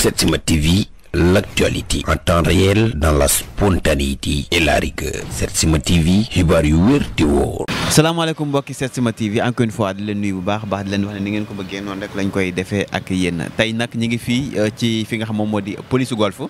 set si Setsima TV l'actualité en temps réel dans la spontanéité et la si Setsima TV xibaar yu wér di wóor. salaamaaleykum mbokki Setsima TV encore une fois di leen nuyu bu baax baax di leen wax ne ni ngeen ko bëggee noonu rek lañ koy defee ak yéen tey nag ñu ngi fii euh, ci fi nga xam moom moo di police golf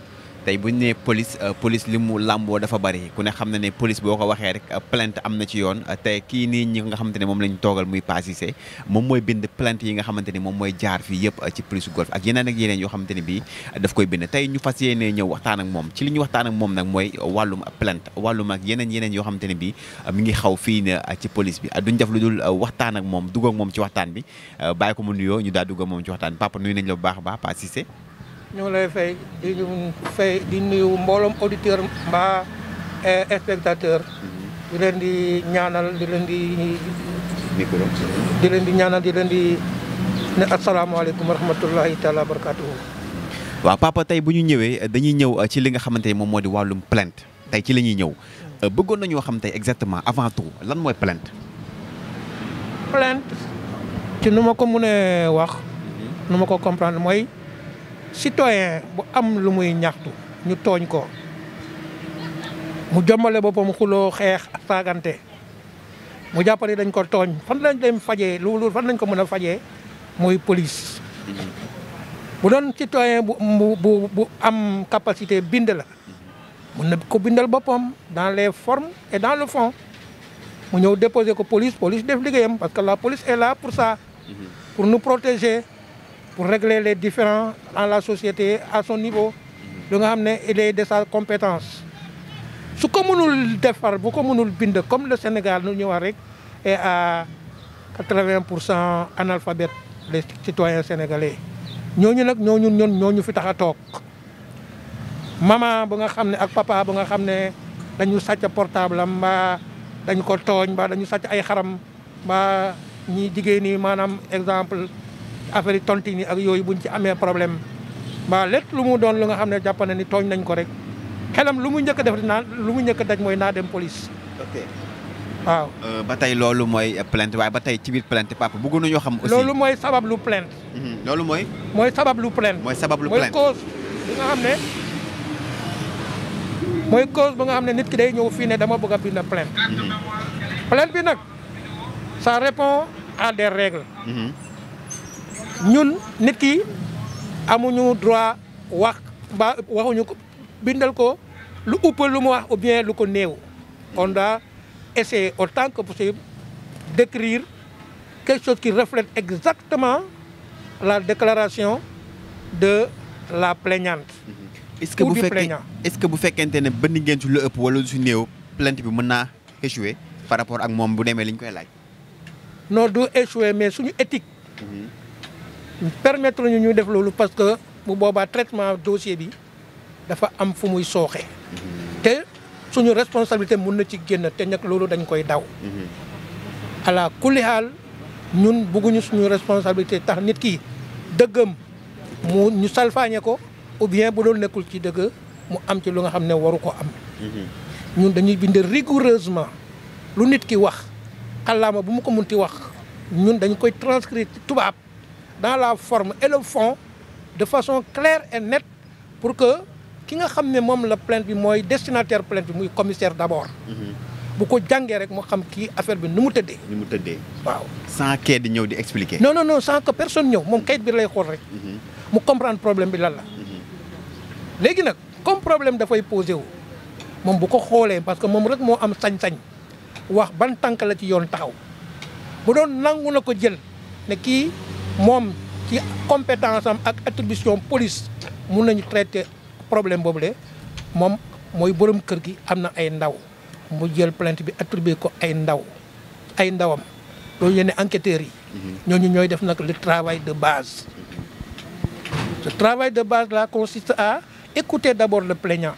tey bu ñu nee police euh, police li mu làmboo dafa bari ku ne xam na ne police boo ko waxee rek euh, plainte am na ci yoon euh, tey kii nii ñi nga xamante ne moom lañ toogal muy passisé moom mooy bind plainte yi nga xamante ne moom mooy jaar fii yëpp ci police golf ak yeneen ak yeneen yoo xamante ne bii daf koy bind tey ñu fas yéene ñëw waxtaan ak moom ci li ñu waxtaan ak moom nag mooy wàllum plant wàllum ak yeneen yeneen yoo xamante ne bii mi ngi xaw fii na ci police bi duñ def lu dul waxtaan ak moom dugg ak moom ci waxtaan bi bàyyi ko mu nuyoo ñu daal dugg ak moom ci waxtaan papa nuyu nañ la bu baax a baax passisé ñu ngi lay fay di fay di nuyu mbooloom auditeur mbaa eh, spectateur mm-hmm. di leen di ñaanal di leen di di leen di ñaanal di leen di ne asalaamaaleykum wa rahmatullahi taala wa barakatuhu waaw papa tey bu ñu ñëwee eh, dañuy ñëw eh, ci li nga xamante ni moom moo di wàllum plainte tey ci la ñuy ñëw bëggoon nañoo xam tey exactement avant tout lan mooy plainte plainte ci nu ma ko mënee wax mm-hmm. nu ma ko comprendre mooy citoyen bu am lu muy ñaxtu ñu tooñ ko mu jombale boppam xuloo xeex saagante mu jàpp dañ ko tooñ fan lañ dem fajee loolu fan lañ ko mën a fajee muy police bu doon citoyen bu bu bu am capacité bind la mun na ko bindal boppam dans les formes et dans le fond mu ñëw déposer ko police police def liggéeyam parce que la police et la pour ça mhm. pour nu protéger pour régler les différends dans la société à son niveau lu nga xam ne il est de sa compétence su ko mënul defar bu ko mënul bind comme le Sénégal nu ñu wax rek est à 80 pour cent analphabète les citoyens sénégalais ñooñu nag ñooñu ñun ñooñu fi tax a toog maman ba nga xam ne ak papa ba nga xam ne dañu sàcc portable am mbaa dañ ko tooñ mbaa dañu sàcc ay xaram mbaa ñi jigéen ñi maanaam exemple affaire yi tontine yi ak yooyu buñ ci amee problème mbaa lépp lu mu doon lu nga xam ne jàpp na ni tooñ nañ ko rek xelam lu mu njëkk def def naa lu mu njëkk a daj mooy naa dem police. waaw. Euh, ba tey loolu mooy plainte waaye ba tey ci biir plainte papa bëggu nañoo xam. aussi loolu mooy sabab lu plainte. Mhm. loolu mooy. mooy sabab lu mooy sabab lu plainte mooy cause bi nga xam ne. mooy cause bi nga xam ne nit ki day ñëw fii ne dama bëgg a bind plainte. Mhm. plainte bi nag ça répond à des règles. Mhm. ñun nit ki amuñu droit wax ba waxuñu ko bindal ko lu ëpp lu mu wax ou bien lu ko néew on doit essayer autant que possible d'écrire quelque chose qui reflète exactement la déclaration de la plaignante. est-ce que bu fekkee est-ce que bu fekkente ne bënn ngeen ci lu ëpp wala lu si néew plainte bi mën naa échouer par rapport ak moom bu demee liñ koy laaj. noo du échouer mais suñu éthique. Mhm. permettre ñu ñuy def loolu parce que mu boobaa traitement dossier bi dafa am fu muy sooxe te suñu responsabilité mun na ci génn te nag loolu dañ koy daw ala kulli xaal ñun bëgguñu suñu responsabilité tax nit ki dëggam mu ñu salfaañe ko ou bien bu doon nekkul ci dëgg mu am ci lu nga xam ne waru ko am ñun dañuy bind rigoureusement lu nit ki wax kàllaama bu mu ko munti wax ñun dañ koy transcrire tubaab dans la forme et le de façon claire et nette pour que ki nga xam ne moom la plainte bi mooy destinataire plainte bi muy commissaire d'abord. Mhm. bu ko jàngee rek mu xam kii affaire bi nu mu tëddee. nu mu tëddee waaw. sans que di ñëw di expliquer. non non non sans que ñëw moom kayit bi lay xool rek. Mhm. mu comprendre problème bi lan la. Mhm. léegi nag comme problème dafay posé wu moom bu ko xoolee parce que moom rek moo am sañ-sañ wax ban tànk la ci yoon taxaw bu doon nangu na ko jël ne kii. moom ci compétence am ak attribution police mun nañu traité problème boobu moom mooy borom kër gi am na ay ndaw mu jël plainte bi attribué ko ay ndaw ay ndawam loolu yenn enquêteurs yi mhm. ñooñu ñooy def nag le travail de base ce travail de base là consiste à écouter d'abord le plaignant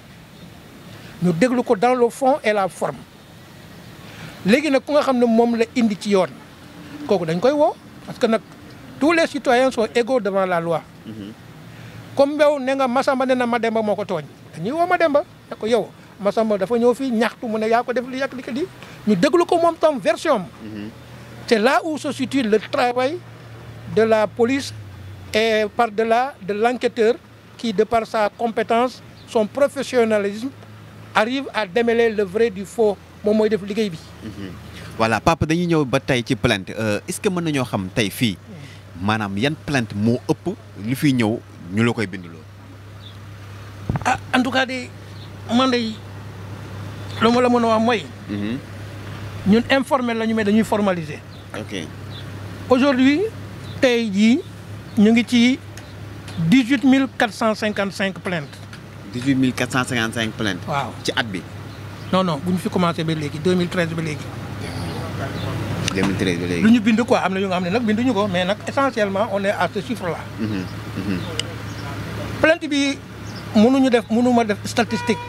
ñu déglu ko dans le fond et la forme léegi nag ku nga xam ne moom la indi ci yoon kooku dañ koy woo parce que nag tous les citoyens sont égaux devant la loi. Mhm. comme yow ne nga Masamba ne na ma Mademba moo ko tooñ dañuy ma Mademba ne ko yow Masamba dafa ñëw fii ñaxtu mu ne yaa ko def li yàq li ko di ñu déglu ko moom tam version am. Mhm. c'est là où se le travail de la police et par-delà de l'enquêteur qui de par sa compétence son professionnalisme arrive à démêler le vrai du faux moom mooy def liggéey bi. Mhm. voilà papa dañuy ñëw ba tey ci plainte euh, est-ce que mën nañoo xam tey fii. maanaam yan plainte moo ëpp li fi ñëw ñu la koy bind a ah en tout cas de man de lu ma la mën a wax mooy. Mhm. ñun informel la ñu mais dañuy formaliser. ok aujourd'hui tey jii ñu ngi ci dix huit mille quatre cent cinquante cinq plaintes. dix huit mille quatre cent waaw ci at bi. non non bu ñu fi commencé ba léegi deux mille ba léegi. 2013 ba léegi. lu ñu bind quoi am na yu nga xam ne nag binduñu ko mais nag essentiellement on est à ce chiffre là. Mhm, mhm. plainte bi mënuñu def mënu def statistique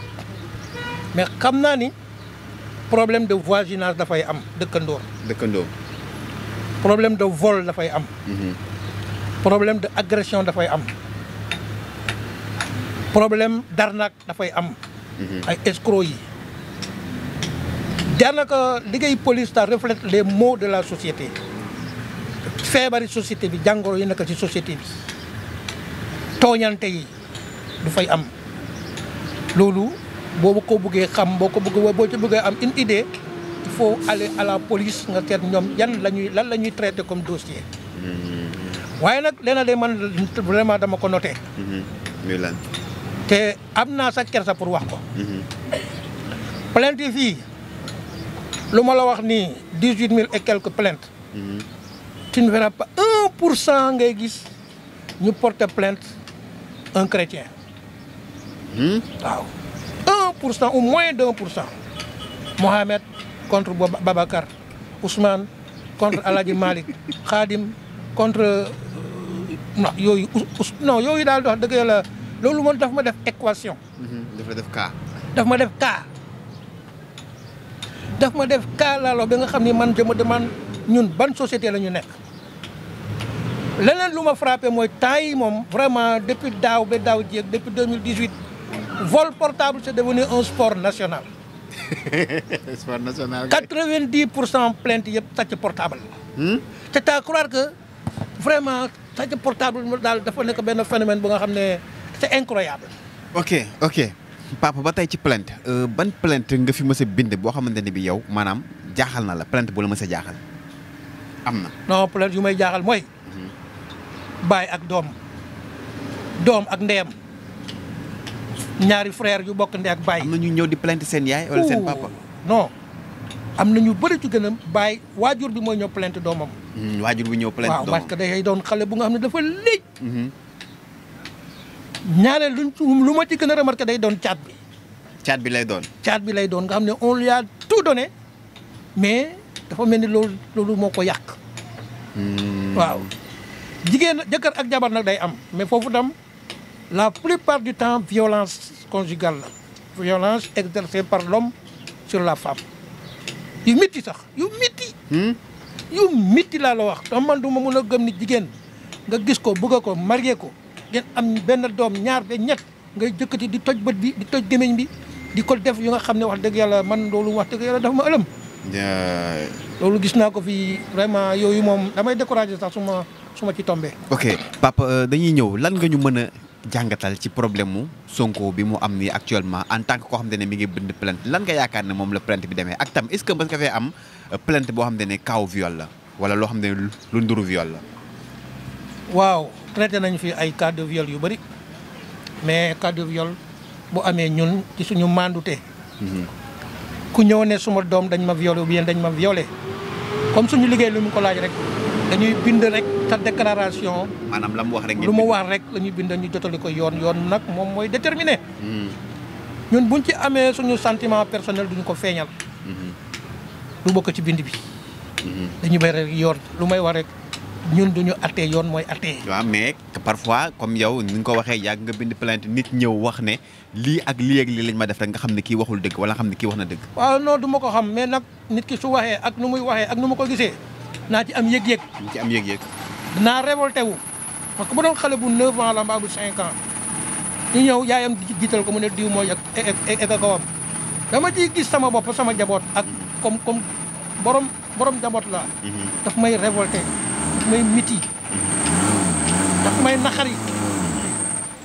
mais xam naa ni problème de voisinage dafay am dëkkandoor. dëkkandoor. problème de vol dafay am. Mhm. problème de agression dafay am. problème d'arnaque dafay am. ay escrocs yi. daanaka liggéey police ça reflète les maux de la société feebari société bi jàngoro yi nekk ci société bi tooñante yi du fay am loolu boo ko buggee xam boo ko bëgg boo ci bëggee am une idée foo faut aller à la police nga seet ñoom yan la ñuy lan la ñuy traité comme dossier waaye nag leena de man vraiment dama ko noté te am naa sa kersa pour wax ko mhm. lu ma la wax nii dix huit mille et quelques plaintes. Mhm. tu pour cent ngay gis ñu porter plainte un chrétien. Mhm. waaw un pour cent ou moins d' un pour cent. Mohamed contre Babacar Ousmane contre El Hadj Khadim contre euh, non yooyu non yooyu daal dox wax dëgg yàlla loolu moom daf ma def équation. Mhm. daf la def cas. daf ma def cas. daf ma def kaalaalo bi nga xam ni man dama demande ñun ban société la ñu nekk. leneen lu ma frappé mooy temps yi moom vraiment depuis daaw ba daaw jéeg depuis 2018 vol portable c'est devenu un sport national. sport national. 90 pour cent plainte yëpp sàcc portable la. Hmm? te taa croire que vraiment sàcc portable daal dafa nekk benn phénomène bi nga xam ne c'est incroyable. ok ok. papa ba tey ci plainte euh, ban plainte nga fi mës a bind boo xam ne bi yow maanaam jaaxal na la plainte bu la mës a jaaxal am na. non plainte yu may jaaxal mooy. Mhm. baay ak doom doom ak ndeyam ñaari frère yu bokk ndey ak baay. am na ñu ñëw di plainte seen yaay wala seen papa. non am na ñu bëri ci gën a baay waajur bi mooy ñëw plainte doomam. Mhm, waajur bi ñëw plainte doomam waaw parce que day doon xale bu nga xam ne dafa léegi. ñaareel luñ lu ma ci gën a remarqué day doon caat bi. caat bi lay doon. caat bi lay doon nga xam ne on lui a mais dafa mel ni loolu loolu moo ko yàq. Hmm. waaw jigéen jëkkër ak jabar nag day am mais foofu dam la plupart du temps violence conjugale la. violence exercée par lom sur la femme yu métti sax yu mitti hmm? yu métti laa la wax. te man du ma mën a gëm ni jigéen nga gis ko bëgg ko marié ko ngeen am benn doom ñaar ba ñett ngay jëkkati di toj bët bi di toj gémmiñ bi di ko def yu nga xam ne wax dëgg yàlla man loolu wax dëgg yàlla dafa ma ëlëm loolu gis naa ko fi vraiment yooyu moom damay découragé sax su ma su ci tombee ok papa euh, dañuy ñëw lan nga ñu mën a jàngatal ci problème mu Sonko bi mu am nii actuellement en tant que koo xam ne ne mi ngi bind plainte lan nga yaakaar ne moom la plainte bi demee ak tam est-ce que nga fee am euh, plainte boo xam ne kaw viol la wala loo xam ne lu nduru viol la traité nañ fi ay cas de yu bëri mais cas de bu amee ñun ci suñu mandute mhm. ku ñëw ne suma doom dañ ma violé ou bien dañ ma violé comme suñu liggéey lu mu ko laaj rek dañuy bind rek sa déclaration. maanaam la mu wax rek lu ma wax rek la ñuy bind ñu jotali ko yoon yoon nag moom mooy déterminé. Mhm. ñun buñ ci amee suñu santiment personnel duñu ko feeñal. du mhm. bokk ci bind bi. dañuy bay rek yoon lu may wax rek. ñun duñu attee yoon mooy attee waaw mais parfois comme yow ni nga ko waxee yàgg nga bind plainte nit ñëw wax ne lii ak lii ak lii lañ ma def rek nga xam ne kii waxul dëgg wala nga xam ne kii wax na dëgg waaw non du ma ko xam mais nag nit ki su waxee ak nu muy waxee ak nu ma ko gisee naa ci am yëg-yëg ci am yëg-yëg dinaa révolté wu parce que bu doon xale bu 9 ans la mbaa bu 5 ñu ñëw yaayam jiital ko mu ne diw mooy ak ak kawam dama ciy gis sama bopp sama jaboot ak comme comme borom borom jaboot la mhm. daf may révolté daf may miti daf may naxari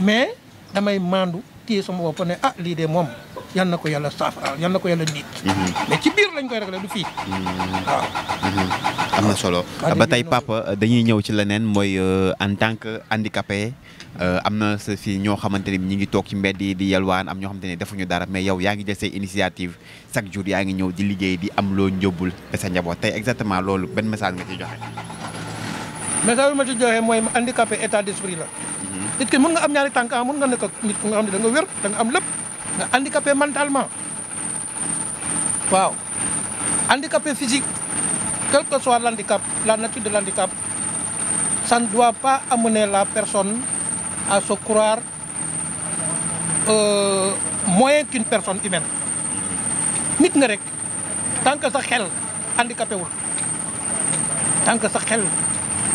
mais damay maandu téye sama bopp ne ah lii de moom yal na ko yàlla saafara yal na ko yàlla nit mm-hmm. fii mm-hmm. Mm-hmm. am na solo ba tey papa dañuy ñëw ci leneen mooy euh, en tant que handicapé euh, am na sa fii ñoo xamante ni ñi ngi toog ci mbedd yi di yalwaan am ñoo xamante ne defuñu dara mais yow yaa ngi jël say initiative chaque jour yaa ngi ñëw di liggéey di am loo njëbbul sa njaboot tey exactement loolu benn message nga ci joxe message bi ma ci joxee mooy handicapé état d'esprit la mhm. nit ki mën nga am ñaari tànk ah, mën nga nekk ak nit ku nga xam ne da nga wér da nga am lépp nga handicapé mentalement waaw handicapé physique quel que soit la nature de l'handicap ça ne doit pas amener la personne à se croire euh, moins qu'une personne humaine nit nga rek tant que sa xel handicapé wul tant que sa xel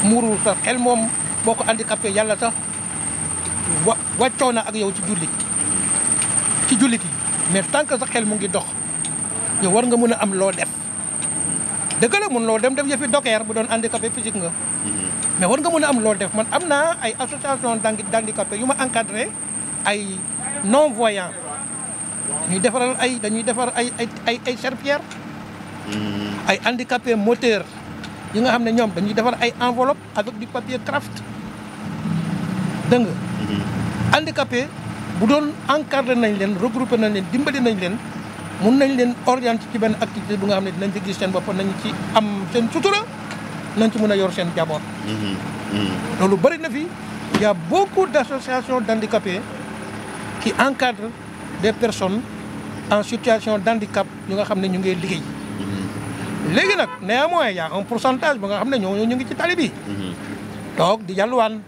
muuru sa xel moom boo ko handicapé yàlla sax wa wàccoo na ak yow ci jullit ci jullit yi mais tant que sa xel mu ngi dox yow war nga mën a am loo def dëgg la mun loo dem def yëfi dokeer bu doon handicapé physique nga mm-hmm. mais war nga mun a am loo def man am naa ay association d'handicapé yu ma encadré ay non voyant ñuy defaral ay dañuy defar ay ay ay ay serpillère mm-hmm. ay handicapé moteur yi nga xam ne ñoom dañuy defar ay enveloppe avec du papier craft dégg nga mhm. handicapé bu doon encadré nañ leen regroupé nañ leen dimbali nañ leen mun nañ leen orienté ci benn activité bu nga xam ne nañ ci gis seen bopp nañu ci am seen sutura nañ ci mën a yor seen jaboot mhm. mhm. loolu bëri na fi y a beaucoup d'associations d'handicapés qui encadrent des personnes en situation d'handicap ñu nga xam ne ñu ngi liggéey léegi nag néanmoins y a un pourcentage ba nga xam ne ñooñu ñu ngi ci tali bi. Mhm. toog di yalwaan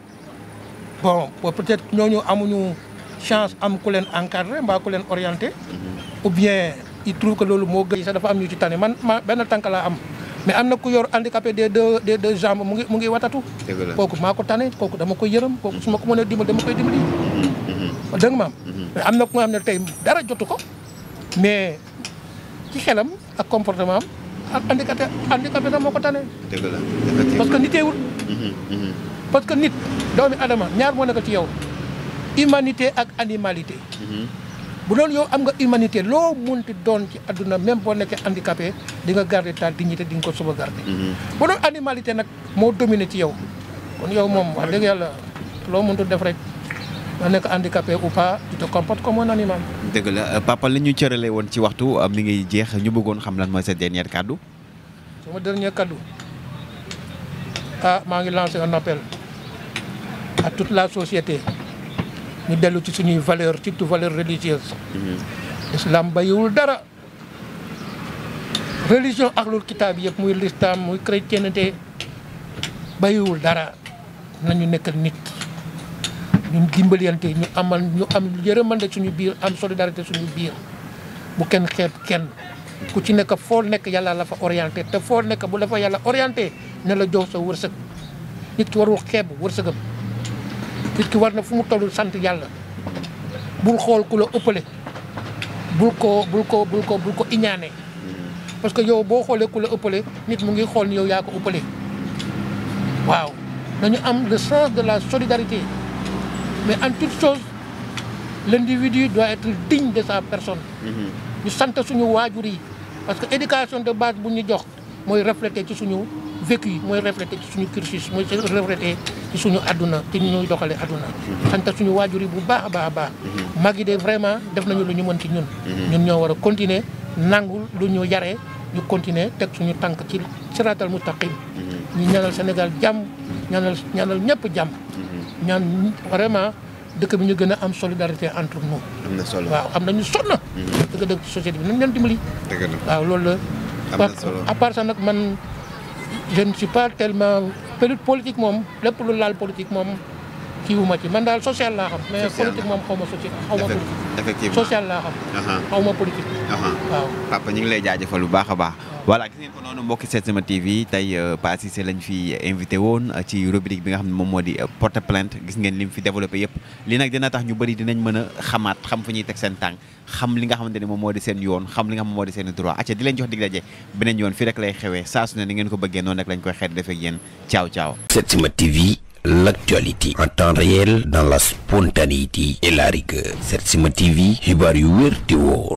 bon peut-être ñooñu amuñu chance am ku leen encadré mbaa ku leen orienté. Mhm. ou bien il trouve que loolu moo gën sax dafa am ñu ci tane man ma benn tànk laa am. mais am na ku yor handicapé de deux des deux jambes mu ngi mu ngi watatu. kooku maa ko tane kooku dama koy yërëm kooku suma ma ko mënee dimbali dama koy dimbali. Mhm. dégg mais am na ku nga xam ne tey dara jotu ko mais ci xelam ak comportement ak handicapé handicapé sax moo ko tane. dëgg la parce que nitee wut. Mhm, mhm. parce que nit doomi adama ñaar moo nekk ci yow humanité ak animalité. Mhm. bu loolu yow am nga humanité loo munti doon ci àdduna même boo nekkee handicapé di nga garder ta dignité di nga ko sauvegarder. bu loolu animalité nag moo dominé ci yow kon yow moom wax dëgg yàlla loo mënut def rek. nga nekk handicapé ou pas tu te comportes comme un animal. dëgg la euh, papa li ñu cëralee woon ci waxtu euh, mi ngi jeex ñu bëggoon xam lan mooy sa dernier kaddu. sama dernier kaddu ah maa ngi lancé un noppel à toute la société ñu dellu ci suñuy valeur surtout valeur religieuse. Mm-hmm. islam bayiwul dara. religion ahlul kitaab yëpp muy l'islam muy te bayewul dara nañu nekkal nit. ñu dimbaliyante ñu amal ñu am yërëmande suñu biir am solidarité suñu biir bu kenn xeeb kenn ku ci nekk foo nekk yàlla la fa orienté te foo nekk bu la fa yàlla orienté ne la jox sa wërsëg nit ki warul xeeb wërsëgam nit ki war na fu mu toll sant yàlla bul xool ku la ëppale bul ko bul ko bul ko bul ko iñaane parce que yow boo xoolee ku la ëppale nit mu ngi xool ni yow yaa ko ëppale waaw nañu am le sens de la solidarité mais en toute chose l'individu doit être digne de sa personne mhm. ñu sant suñu waajur yi parce que éducation de base bu ñu jox mooy reflété ci suñu vécu yi mooy reflété ci suñu cursus mooy reflété ci suñu àdduna ci ñuy doxalee àdduna mhm. sant suñu waajur yi bu baax a baax a baax mhm. mag de vraiment def nañu lu ñu mën ci ñun ñun ñoo war a continuer nangul lu ñu yaree ñu continuer teg suñu tànk ci siraatal mustaqim ñu ñaanal Sénégal jàmm ñaanal ñaanal ñëpp jàmm ñaan vraiment dëkk bi ñu gën a am solidarité entre nous. am na solo waaw xam nañu sonn. Mhm. dëgg dëgg société bi nañ leen dimbali. dëgg waaw loolu la. am na solo à part ça nag man je si suis pas tellement politique moom lépp lu laal politique moom. kii ma ci man daal social laa xam. mais politique moom xaw ma social. xaw ma politique effectivement social laa xam. Uh-huh. xaw ma politique. Uh-huh. waaw papa ñu ngi lay jaajëfal lu baax a baax. voilà gis ngeen ko noonu mbokki Setsima TV tey euh, Pa Cissé lañ fi invité woon euh, ci rubrique bi nga xam ne moom moo di euh, porte plainte gis ngeen lim fi développé yëpp li nag dina tax ñu bëri dinañ mën a xamaat xam fu ñuy teg seen tànk xam li nga xam xamante ni moom moo di seen yoon xam li nga xam moo di seen droit acca di leen jox dig daje beneen yoon fii rek lay xewee saa su ne ni ngeen ko bëggee noonu rek lañ koy xeet defee ak yéen ciao ciao Setsima TV en temps réel dans la spontanéité et la rigueur Setsima TV xibaar yu wér